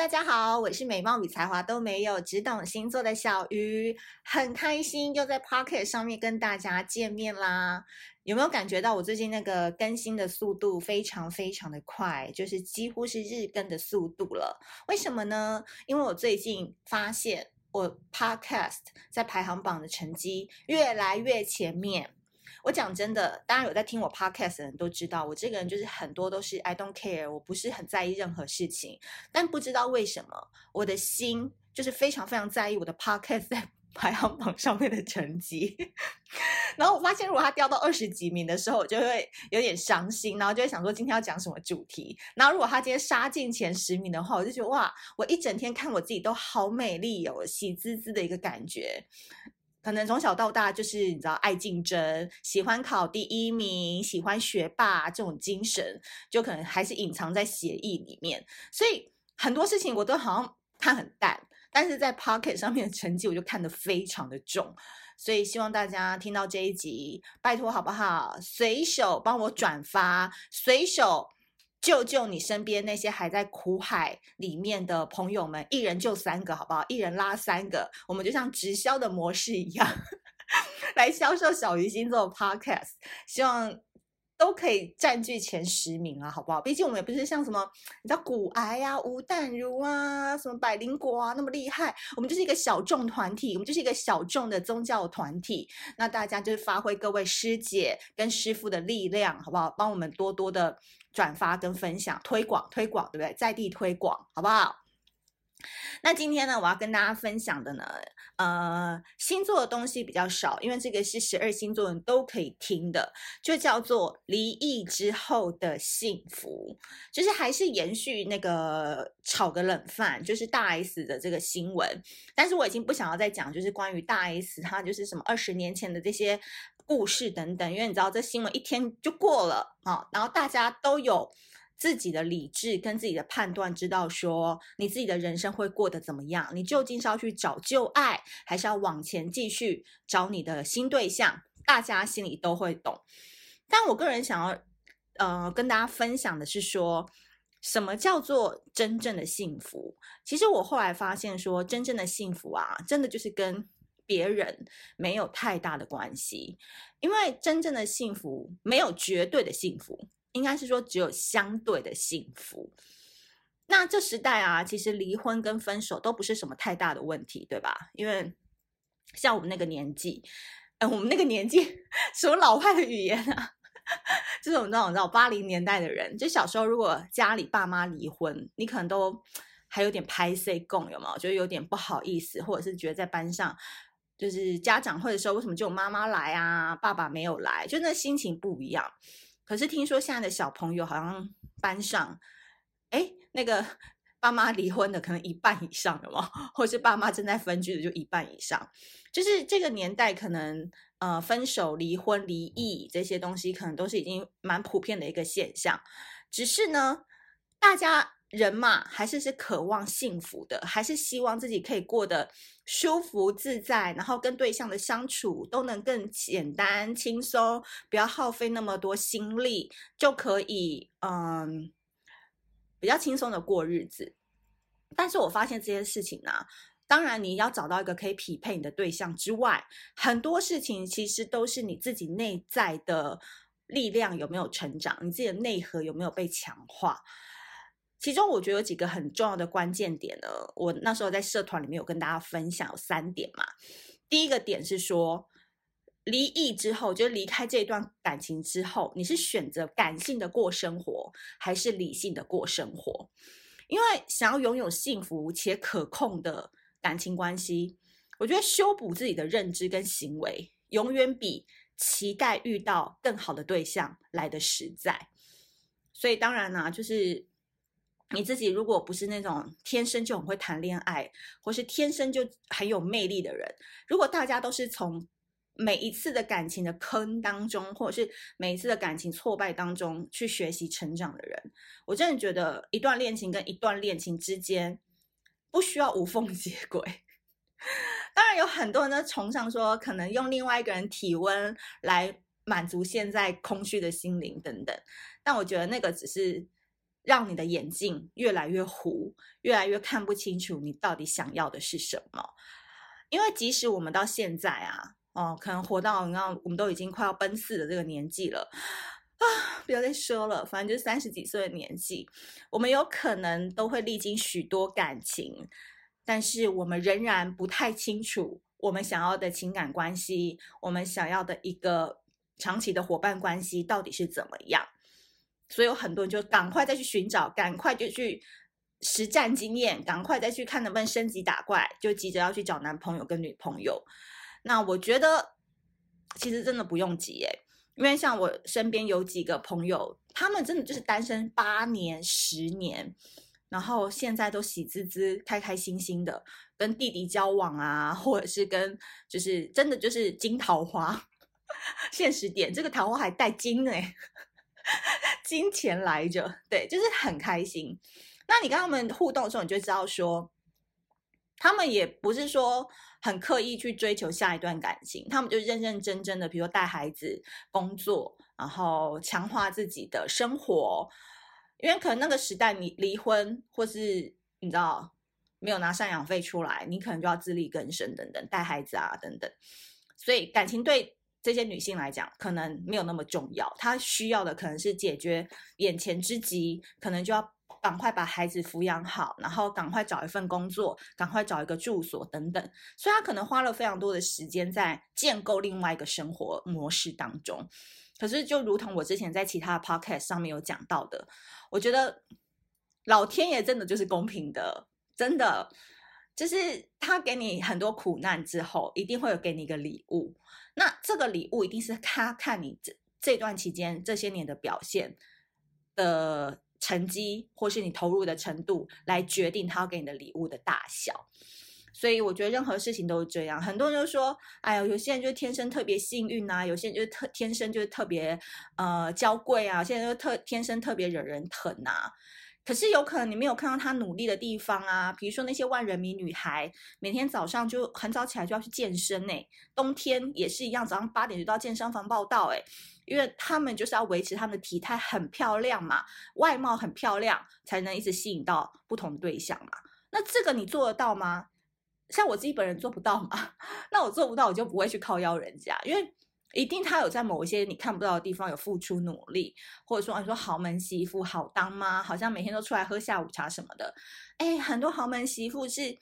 大家好，我是美貌與才華都沒有、只懂星座的小魚，很開心又在 Podcast 上面跟大家見面啦！有沒有感覺到我最近那個更新的速度非常非常的快，就是幾乎是日更的速度了？為什麼呢？因為我最近發現我 Podcast 在排行榜的成績越來越前面。我講真的，當然有在聽我 podcast 的人都知道，我這個人就是很多都是 I don't care，我不是很在意任何事情。但不知道為什麼，我的心就是非常非常在意我的 podcast 在排行榜上面的成績。 然後我發現，如果他掉到二十幾名的時候，我就會有點傷心，然後就會想說今天要講什麼主題。然後如果他今天殺進前十名的話，我就覺得哇，我一整天看我自己都好美麗喲，哦，喜滋滋的一個感覺。可能從小到大就是你知道愛競爭，喜歡考第一名，喜歡學霸這種精神，就可能還是隱藏在協議裡面。所以很多事情我都好像看很淡，但是在 pocket 上面的成績我就看得非常的重。所以希望大家聽到這一集，拜托好不好？隨手幫我轉發，隨手。救救你身邊那些還在苦海裡面的朋友們，一人救三個，好不好？一人拉三個，我們就像直銷的模式一樣， 來銷售小魚星座的 Podcast。希望都可以佔據前十名啊，好不好？畢竟我們也不是像什麼你知道股癌啊、吳淡如啊、什麼百靈果啊那麼厲害，我們就是一個小眾團體，我們就是一個小眾的宗教團體。那大家就是發揮各位師姐跟師父的力量，好不好？幫我們多多的。轉發跟分享推廣推廣，對不對？在地推廣，好不好？那今天呢，我要跟大家分享的呢，呃，星座的東西比較少，因為這個是十二星座人都可以聽的，就叫做《離異之後的幸福》，就是還是延續那個炒個冷飯，就是大 S 的這個新聞。但是我已經不想要再講，就是關於大 S 她就是什麼二十年前的這些。故事等等，因為你知道這新聞一天就過了啊，然後大家都有自己的理智跟自己的判斷，知道說你自己的人生會過得怎麼樣，你究竟是要去找舊愛，還是要往前繼續找你的新對象？大家心裡都會懂。但我個人想要，呃，跟大家分享的是說，什麼叫做真正的幸福？其實我後來發現說，真正的幸福啊，真的就是跟。別人沒有太大的關係，因為真正的幸福沒有絕對的幸福，應該是說只有相對的幸福。那這時代啊，其實離婚跟分手都不是什麼太大的問題，對吧？因為像我們那個年紀，呃、我們那個年紀，什麼老派的語言啊， 就是我們這種你知道，八零年代的人，就小時候如果家裡爸媽離婚，你可能都還有點拍謝講，有沒有？覺得有點不好意思，或者是覺得在班上。就是家長會的時候，為什麼就有媽媽來啊？爸爸沒有來，就那心情不一樣。可是聽說現在的小朋友好像班上，哎，那個爸媽離婚的可能一半以上的嘛，或是爸媽正在分居的就一半以上。就是這個年代，可能呃分手、離婚、離異這些東西，可能都是已經蠻普遍的一個現象。只是呢，大家。人嘛，還是是渴望幸福的，還是希望自己可以過得舒服自在，然後跟對象的相處都能更簡單輕鬆，不要耗費那麼多心力，就可以嗯比較輕鬆的過日子。但是我發現這件事情呢、啊，當然你要找到一個可以匹配你的對象之外，很多事情其實都是你自己內在的力量有沒有成長，你自己的內核有沒有被強化。其中我覺得有幾個很重要的關鍵點呢。我那時候在社團裡面有跟大家分享有三點嘛。第一個點是說，離異之後，就是離開這段感情之後，你是選擇感性的過生活，還是理性的過生活？因為想要擁有幸福且可控的感情關係，我覺得修補自己的認知跟行為，永遠比期待遇到更好的對象來得實在。所以當然呢、啊，就是。你自己如果不是那種天生就很會談戀愛，或是天生就很有魅力的人，如果大家都是從每一次的感情的坑當中，或者是每一次的感情挫敗當中去學習成長的人，我真的覺得一段戀情跟一段戀情之間不需要無縫接軌。當然有很多人都崇尚說，可能用另外一個人體溫來滿足現在空虛的心靈等等，但我覺得那個只是。讓你的眼鏡越來越糊，越來越看不清楚你到底想要的是什麼。因為即使我們到現在啊，哦，可能活到你看，我們都已經快要奔四的這個年紀了啊，不要再說了，反正就是三十幾歲的年紀，我們有可能都會歷經許多感情，但是我們仍然不太清楚我們想要的情感關係，我們想要的一個長期的夥伴關係到底是怎麼樣。所以有很多人就趕快再去尋找，趕快就去實戰經驗，趕快再去看能不能升級打怪，就急着要去找男朋友跟女朋友。那我覺得其實真的不用急誒、欸，因為像我身邊有幾個朋友，他們真的就是單身八年、十年，然後現在都喜滋滋、開開心心的跟弟弟交往啊，或者是跟就是真的就是金桃花。現實點，這個桃花還帶金誒、欸。 金錢來着，對，就是很開心。那你跟他們互動的時候，你就知道說，他們也不是說很刻意去追求下一段感情，他們就認認真真的，比如說帶孩子、工作，然後強化自己的生活。因為可能那個時代，你離婚或是你知道沒有拿贍養費出來，你可能就要自力更生等等，帶孩子啊等等。所以感情對。這些女性來講，可能沒有那麼重要。她需要的可能是解決眼前之急，可能就要趕快把孩子撫養好，然後趕快找一份工作，趕快找一個住所等等。所以她可能花了非常多的時間在建構另外一個生活模式當中。可是，就如同我之前在其他的 podcast 上面有講到的，我覺得老天爺真的就是公平的，真的就是他給你很多苦難之後，一定會有給你一個禮物。那這個禮物一定是他看你這這段期間這些年的表現的成績，或是你投入的程度來決定他要給你的禮物的大小。所以我覺得任何事情都是這樣。很多人就說，哎呀，有些人就天生特別幸運吶、啊，有些人就特天生就特別呃嬌貴啊，有些人就特天生特別惹人疼吶、啊。可是有可能你沒有看到她努力的地方啊，比如說那些萬人迷女孩，每天早上就很早起來就要去健身哎，冬天也是一樣，早上八點就到健身房報到誒，因為他們就是要維持他們的體態很漂亮嘛，外貌很漂亮，才能一直吸引到不同的對象嘛。那這個你做得到嗎？像我自己本人做不到嘛，那我做不到我就不會去靠邀人家，因為。一定他有在某一些你看不到的地方有付出努力，或者說你說豪門媳婦好當嗎？好像每天都出來喝下午茶什麼的。哎，很多豪門媳婦是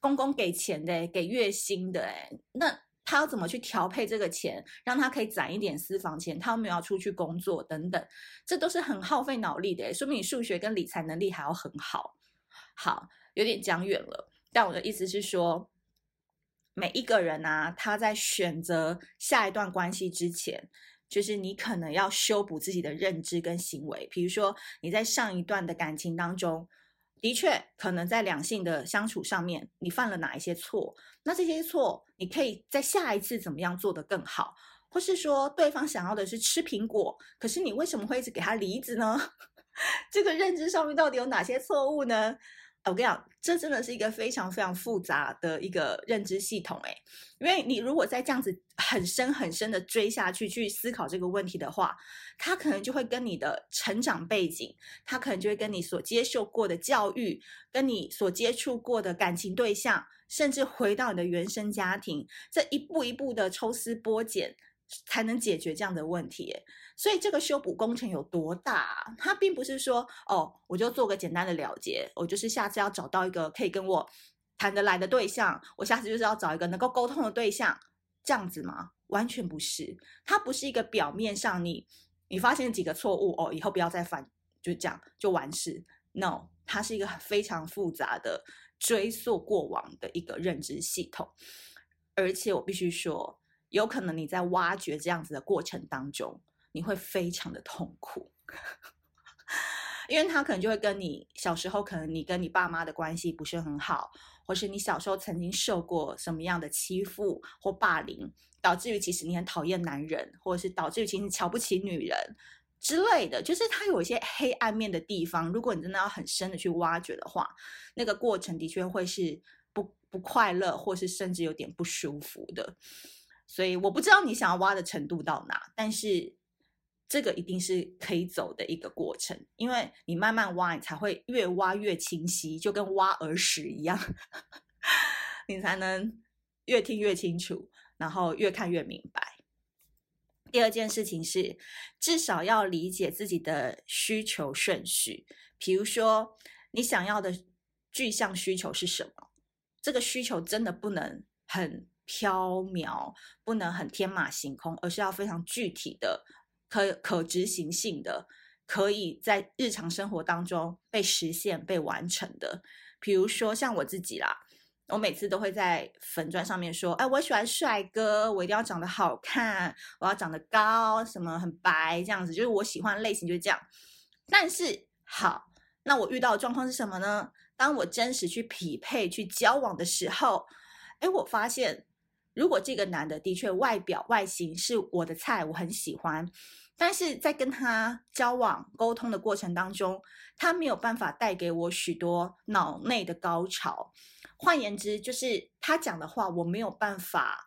公公給錢的，給月薪的。哎，那他要怎麼去調配這個錢，讓他可以攢一點私房錢？他又沒有要出去工作等等？這都是很耗費腦力的，說明你數學跟理財能力還要很好。好，有點講遠了，但我的意思是說。每一個人啊，他在選擇下一段關係之前，就是你可能要修補自己的認知跟行為。比如說你在上一段的感情當中，的確可能在兩性的相處上面，你犯了哪一些錯？那這些錯，你可以在下一次怎麼樣做得更好？或是說對方想要的是吃蘋果，可是你為什麼會一直給他梨子呢？這個認知上面到底有哪些錯誤呢？我跟你講，這真的是一個非常非常複雜的一個認知系統，誒，因為你如果在這樣子很深很深的追下去，去思考這個問題的話，他可能就會跟你的成長背景，他可能就會跟你所接受過的教育，跟你所接觸過的感情對象，甚至回到你的原生家庭，這一步一步的抽絲剝繭，才能解決這樣的問題。所以這個修補工程有多大啊？它並不是說哦，我就做個簡單的了結，我就是下次要找到一個可以跟我談得來的對象，我下次就是要找一個能夠溝通的對象，這樣子嗎？完全不是，它不是一個表面上你你發現幾個錯誤哦，以後不要再犯，就這樣就完事。No，它是一個非常複雜的追溯過往的一個認知系統，而且我必須說，有可能你在挖掘這樣子的過程當中，你會非常的痛苦， 因為他可能就會跟你小時候，可能你跟你爸媽的關係不是很好，或是你小時候曾經受過什麼樣的欺負或霸凌，導致於其實你很討厭男人，或者是導致於其實你瞧不起女人之類的，就是他有一些黑暗面的地方。如果你真的要很深的去挖掘的話，那個過程的確會是不不快樂，或是甚至有點不舒服的。所以我不知道你想要挖的程度到哪，但是。這個一定是可以走的一個過程，因為你慢慢挖，你才會越挖越清晰，就跟挖耳屎一樣，呵呵，你才能越聽越清楚，然後越看越明白。第二件事情是，至少要理解自己的需求順序，比如說你想要的具象需求是什麼，這個需求真的不能很飄渺，不能很天馬行空，而是要非常具體的。可可執行性的，可以在日常生活當中被實現、被完成的。比如說像我自己啦，我每次都會在粉專上面說：“哎，我喜歡帥哥，我一定要長得好看，我要長得高，什麼很白這樣子，就是我喜歡類型就是這樣。”但是好，那我遇到的狀況是什麼呢？當我真實去匹配、去交往的時候，哎，我發現。如果這個男的的確外表外形是我的菜，我很喜歡，但是在跟他交往溝通的過程當中，他沒有辦法帶給我許多腦內的高潮。換言之，就是他講的話我沒有辦法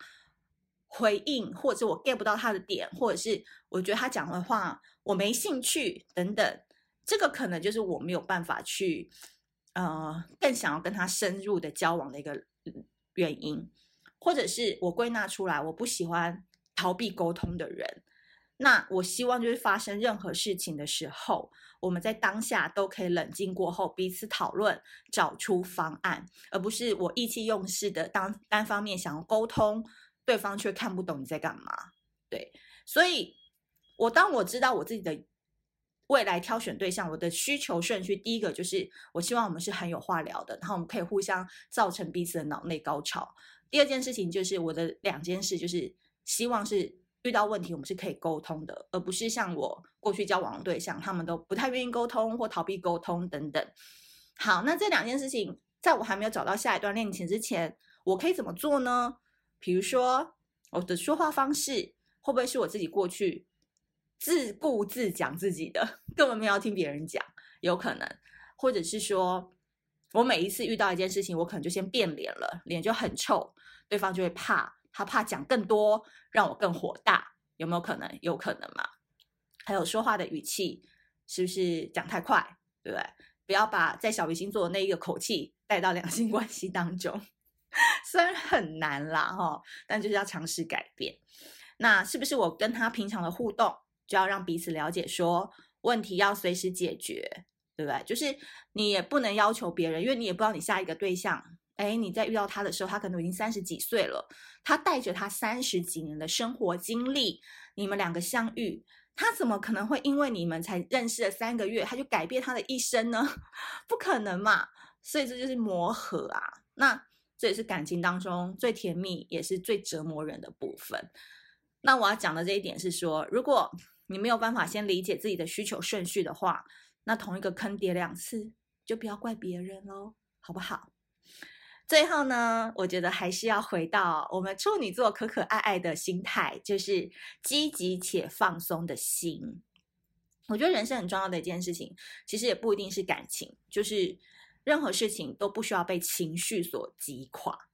回應，或者我 get 不到他的點，或者是我覺得他講的話我沒興趣等等，這個可能就是我沒有辦法去呃更想要跟他深入的交往的一個原因。或者是我歸納出來，我不喜歡逃避溝通的人。那我希望就是發生任何事情的時候，我們在當下都可以冷靜過後，彼此討論，找出方案，而不是我意氣用事的單單方面想要溝通，對方卻看不懂你在幹嘛。對，所以，我當我知道我自己的未來挑選對象，我的需求順序第一個就是，我希望我們是很有話聊的，然後我們可以互相造成彼此的腦內高潮。第二件事情就是我的兩件事，就是希望是遇到問題我們是可以溝通的，而不是像我過去交往的對象，他們都不太願意溝通或逃避溝通等等。好，那這兩件事情，在我還沒有找到下一段戀情之前，我可以怎麼做呢？比如說，我的說話方式會不會是我自己過去自顧自講自己的，根本沒有要聽別人講？有可能，或者是說。我每一次遇到一件事情，我可能就先變臉了，臉就很臭，對方就會怕，他怕講更多，讓我更火大，有沒有可能？有可能嘛？還有說話的語氣，是不是講太快？對不對？不要把在小魚星座的那一個口氣帶到兩性關係當中，雖然很難啦，哈，但就是要嘗試改變。那是不是我跟他平常的互動，就要讓彼此了解說，說問題要隨時解決？對不對？就是你也不能要求別人，因為你也不知道你下一個對象。哎，你在遇到他的時候，他可能已經三十幾歲了，他帶着他三十幾年的生活經歷，你們兩個相遇，他怎麼可能會因為你們才認識了三個月，他就改變他的一生呢？不可能嘛！所以這就是磨合啊。那這也是感情當中最甜蜜，也是最折磨人的部分。那我要講的這一點是說，如果你沒有辦法先理解自己的需求順序的話，那同一個坑跌兩次，就不要怪別人嘍，好不好？最後呢，我覺得還是要回到我們處女座可可愛愛的心態，就是積極且放鬆的心。我覺得人生很重要的一件事情，其實也不一定是感情，就是任何事情都不需要被情緒所擊垮。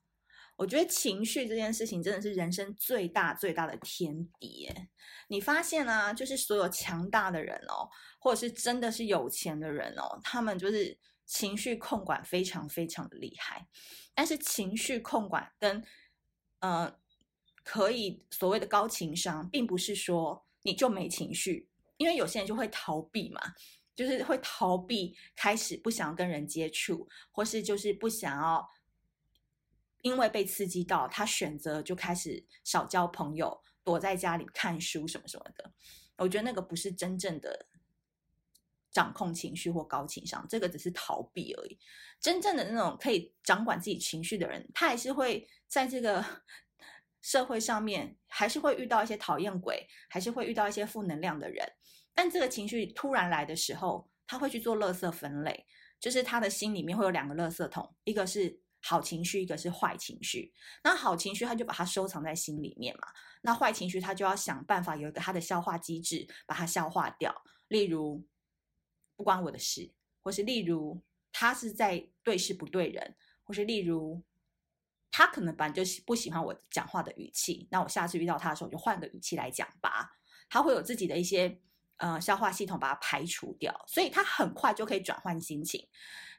我覺得情緒這件事情真的是人生最大最大的天敵耶。你發現啊，就是所有強大的人哦，或者是真的是有錢的人哦，他們就是情緒控管非常非常的厲害。但是情緒控管跟呃，可以所謂的高情商，並不是說你就沒情緒，因為有些人就會逃避嘛，就是會逃避，開始不想跟人接觸，或是就是不想要。因為被刺激到，他選擇就開始少交朋友，躲在家裡看書什麼什麼的。我覺得那個不是真正的掌控情緒或高情商，這個只是逃避而已。真正的那種可以掌管自己情緒的人，他還是會在這個社會上面，還是會遇到一些討厭鬼，還是會遇到一些負能量的人。但這個情緒突然來的時候，他會去做垃圾分類，就是他的心裡面會有兩個垃圾桶，一個是。好情緒，一個是壞情緒。那好情緒，他就把它收藏在心裡面嘛。那壞情緒，他就要想辦法有一個他的消化機制，把它消化掉。例如，不關我的事，或是例如他是在對事不對人，或是例如他可能本來就不喜歡我講話的語氣，那我下次遇到他的時候，我就換個語氣來講吧。他會有自己的一些呃消化系統，把它排除掉，所以他很快就可以轉換心情。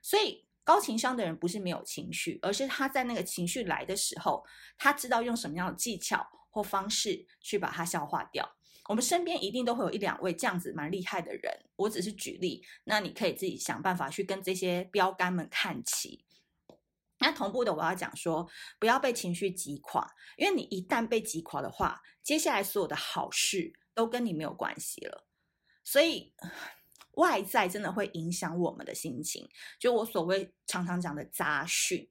所以。高情商的人不是沒有情緒，而是他在那個情緒來的時候，他知道用什麼樣的技巧或方式去把它消化掉。我們身邊一定都會有一兩位這樣子蠻厲害的人，我只是舉例，那你可以自己想辦法去跟這些標杆們看齊。那同步的我要講說，不要被情緒擊垮，因為你一旦被擊垮的話，接下來所有的好事都跟你沒有關係了。所以。外在真的會影響我們的心情，就我所謂常常講的雜訊，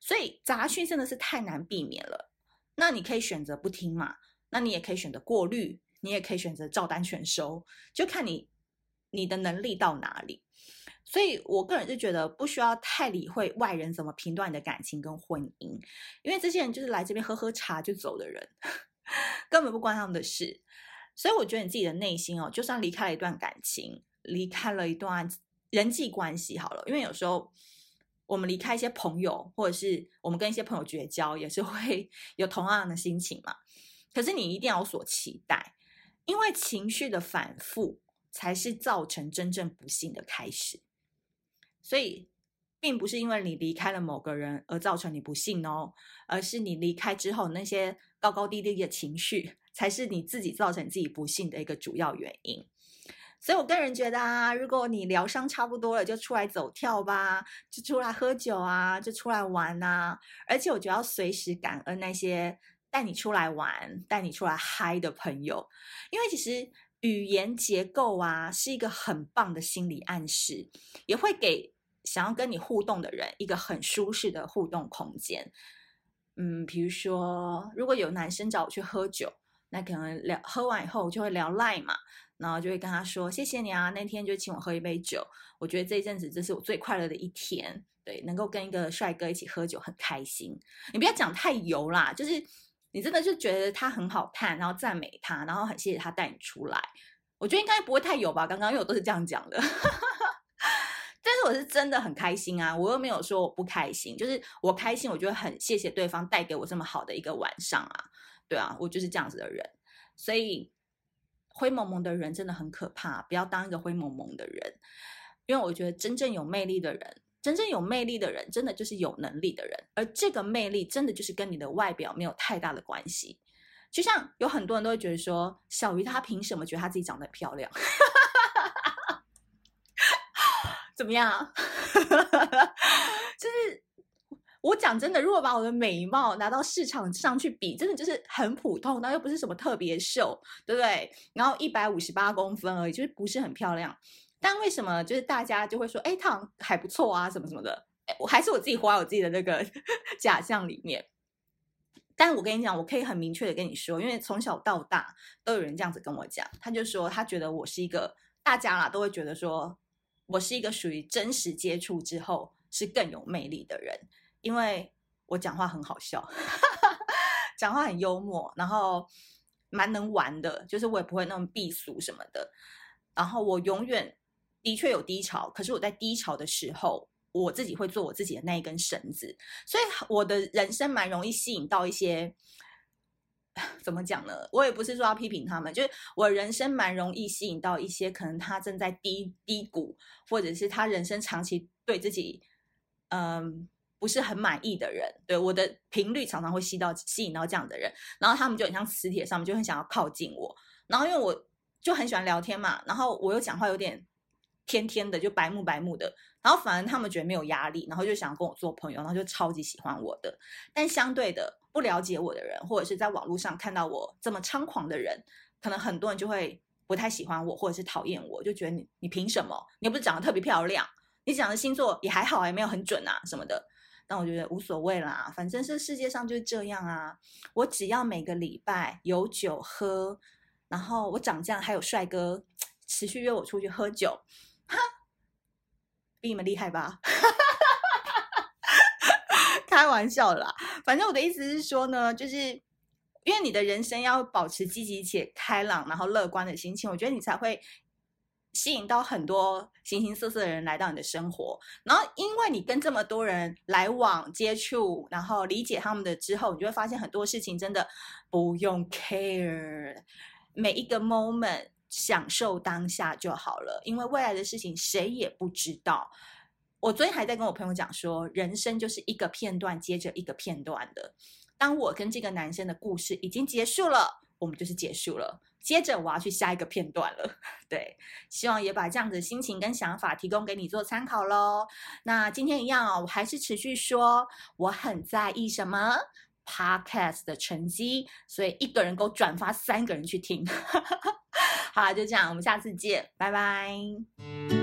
所以雜訊真的是太難避免了。那你可以選擇不聽嘛，那你也可以選擇過濾，你也可以選擇照單全收，就看你你的能力到哪裡。所以我個人就覺得不需要太理會外人怎麼評斷你的感情跟婚姻，因為這些人就是來這邊喝喝茶就走的人，呵呵，根本不關他們的事。所以我覺得你自己的內心哦，就算離開了一段感情，離開了一段人際關係，好了，因為有時候我們離開一些朋友，或者是我們跟一些朋友絕交，也是會有同樣的心情嘛。可是你一定要有所期待，因為情緒的反覆才是造成真正不幸的開始。所以，並不是因為你離開了某個人而造成你不幸哦，而是你離開之後那些高高低低的情緒，才是你自己造成自己不幸的一個主要原因。所以，我個人覺得啊，如果你療傷差不多了，就出來走跳吧，就出來喝酒啊，就出來玩啊。而且，我覺得要隨時感恩那些帶你出來玩、帶你出來嗨的朋友，因為其實語言結構啊是一個很棒的心理暗示，也會給想要跟你互動的人一個很舒適的互動空間。嗯，譬如說，如果有男生找我去喝酒，那可能聊喝完以後我就會聊 Line 嘛。然後就會跟他說：“謝謝你啊，那天就請我喝一杯酒。我覺得這一陣子這是我最快樂的一天，對，能夠跟一個帥哥一起喝酒很開心。你不要講太油啦，就是你真的就覺得他很好看，然後讚美他，然後很謝謝他帶你出來。我覺得應該不會太油吧？剛剛因為我都是這樣講的， 但是我是真的很開心啊，我又沒有說我不開心，就是我開心，我就很謝謝對方帶給我這麼好的一個晚上啊，對啊，我就是這樣子的人，所以。”灰濛濛的人真的很可怕，不要當一個灰濛濛的人，因為我覺得真正有魅力的人，真正有魅力的人，真的就是有能力的人，而這個魅力真的就是跟你的外表沒有太大的關係。就像有很多人都會覺得說，小魚她憑什麼覺得她自己長得漂亮？ 怎麼樣啊？ 就是。我講真的，如果把我的美貌拿到市場上去比，真的就是很普通，但又不是什麼特別秀，對不對？然後一百五十八公分而已，就是不是很漂亮。但為什麼就是大家就會說，哎，他好像還不錯啊，什麼什麼的？哎，我還是我自己活在我自己的那個假象裡面。但我跟你講，我可以很明確的跟你說，因為從小到大都有人這樣子跟我講，他就說他覺得我是一個，大家啦都會覺得說我是一個屬於真實接觸之後是更有魅力的人。因為我講話很好笑， 講話很幽默，然後蠻能玩的，就是我也不會那麼避俗什麼的。然後我永遠的確有低潮，可是我在低潮的時候，我自己會做我自己的那一根繩子。所以我的人生蠻容易吸引到一些，怎麼講呢？我也不是說要批評他們，就是我人生蠻容易吸引到一些，可能他正在低低谷，或者是他人生長期對自己，嗯。不是很滿意的人，對，我的頻率常常會吸到吸引到這樣的人，然後他們就很像磁鐵上面就很想要靠近我，然後因為我就很喜歡聊天嘛，然後我又講話有點天天的，就白目白目的，然後反而他們覺得沒有壓力，然後就想要跟我做朋友，然後就超級喜歡我的。但相對的不了解我的人，或者是在網絡上看到我這麼猖狂的人，可能很多人就會不太喜歡我，或者是討厭我，就覺得你你憑什麼？你不是長得特別漂亮，你講的星座也還好，也沒有很準啊什麼的。那我覺得無所謂啦，反正這世界上就是這樣啊。我只要每個禮拜有酒喝，然後我長這樣，還有帥哥持續約我出去喝酒，哈，比你們厲害吧？ 開玩笑啦，反正我的意思是說呢，就是因為你的人生要保持積極且開朗，然後樂觀的心情，我覺得你才會。吸引到很多形形色色的人來到你的生活，然後因為你跟這麼多人來往接觸，然後理解他們的之後，你就會發現很多事情真的不用 care，每一個 moment 享受當下就好了，因為未來的事情誰也不知道。我昨天還在跟我朋友講說，人生就是一個片段接着一個片段的。當我跟這個男生的故事已經結束了。我們就是結束了，接着我要去下一個片段了。對，希望也把這樣子的心情跟想法提供給你做參考嘍。那今天一樣啊、哦，我還是持續說我很在意什麼 Podcast 的成績，所以一個人給我轉發，三個人去聽。 好了，就這樣，我們下次見，拜拜。